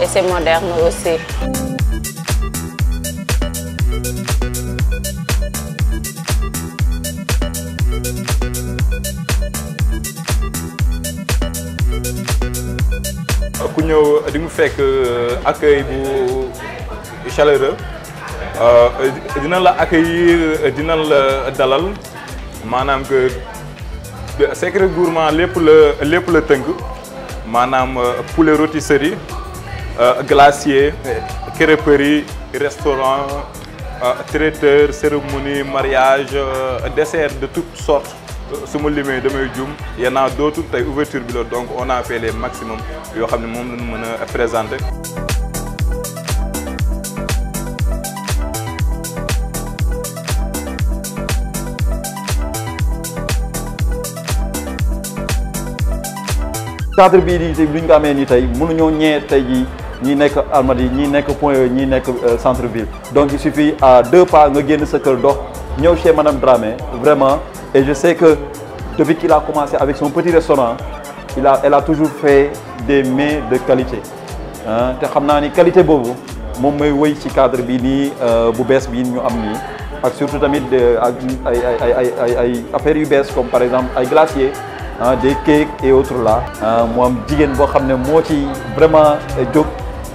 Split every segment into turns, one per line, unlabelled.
et c'est moderne aussi.
ku ñëw di mu fekk euh, accueil bu chaleureux euh, dina la accueillir dina la dalal maanaam que secret gourmand lépp la lépp la tënk maanaam euh, poulet rôtisserie euh, glacier, crêperie, restaurant, euh, traiteur, cérémonie, mariage, euh, dessert de toutes sortes. Euh, su de limee Il y en a ouverture bi ouvertures, donc on a fait les maximum yoo xam ne moom Le présenter.
cadre de di tey bi ñu ko amee ni nekk Almadies ni nekk Point E ñii euh, centre ville donc il suffit à deux pas nga gagner ce kër dox ñëw chez madame Dramé vraiment et je sais que depuis qu'il a commencé avec son petit restaurant il a elle a toujours fait des mets de qualité hein te une ni qualité boobu moom mooy wëy ci cadre bi euh bu bees bii ñu am surtout tamit ay ay ay affaires comme par exemple les glaciers hein, des cakes et autres là. Euh, mu am jigéen boo vraiment euh,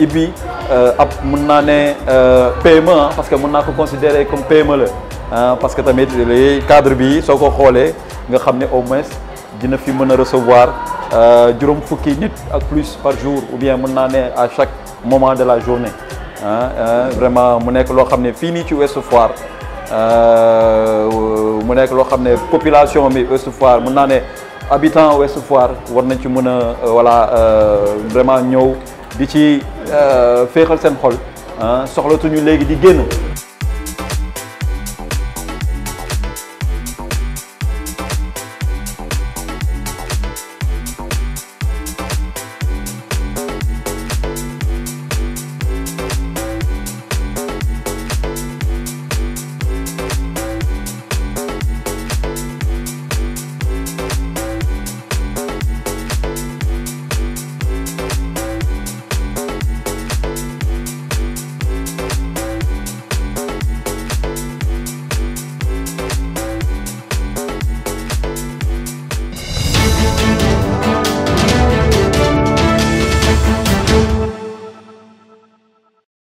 ibi euh, ab mun naa ne euh, paiement hein, parce que mun naa considérer comme paiement la hein, parce que tamit le cadre bi soo ko xoolee nga xamné au moins dina fi mën a recevoir euh, juróom fukki nit ak plus par jour ou bien mon naa à chaque moment de la journée hein, hein vraiment mu nek lo xamné ne fii nii ci Ouest Foire mu nek lo xamné population bi Ouest Foire mon naa habitants habitant Ouest Foire war nañ ci mën voilà voilà vraiment ñew di ci euh, féexal seen xol soxlatuñu léegi di génn